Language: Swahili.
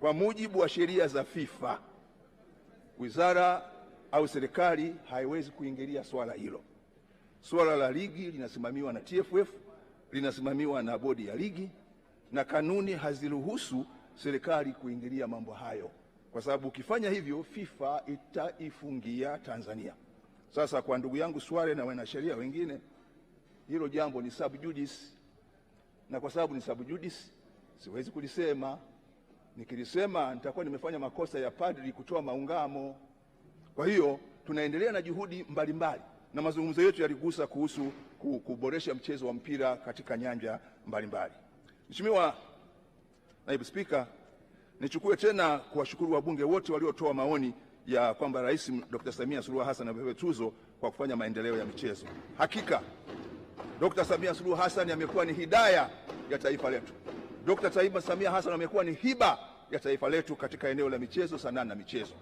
Kwa mujibu wa sheria za FIFA, wizara au serikali haiwezi kuingilia swala hilo. Swala la ligi linasimamiwa na TFF, linasimamiwa na bodi ya ligi, na kanuni haziruhusu serikali kuingilia mambo hayo, kwa sababu ukifanya hivyo FIFA itaifungia Tanzania. Sasa kwa ndugu yangu Swale na wanasheria wengine, hilo jambo ni sub judice, na kwa sababu ni sub judice siwezi kulisema nikilisema nitakuwa nimefanya makosa ya padri kutoa maungamo. Kwa hiyo tunaendelea na juhudi mbalimbali mbali, na mazungumzo yetu yaligusa kuhusu kuboresha mchezo wa mpira katika nyanja mbalimbali. Mheshimiwa Naibu Spika, nichukue tena kuwashukuru wabunge wote waliotoa maoni ya kwamba Rais Dr. Samia Suluhu Hassan amepewa tuzo kwa kufanya maendeleo ya michezo. Hakika Dr. Samia Suluhu Hassan amekuwa ni hidaya ya taifa letu. Dr. Taiba Samia Hassan amekuwa ni hiba ya taifa letu katika eneo la michezo, sanaa na michezo.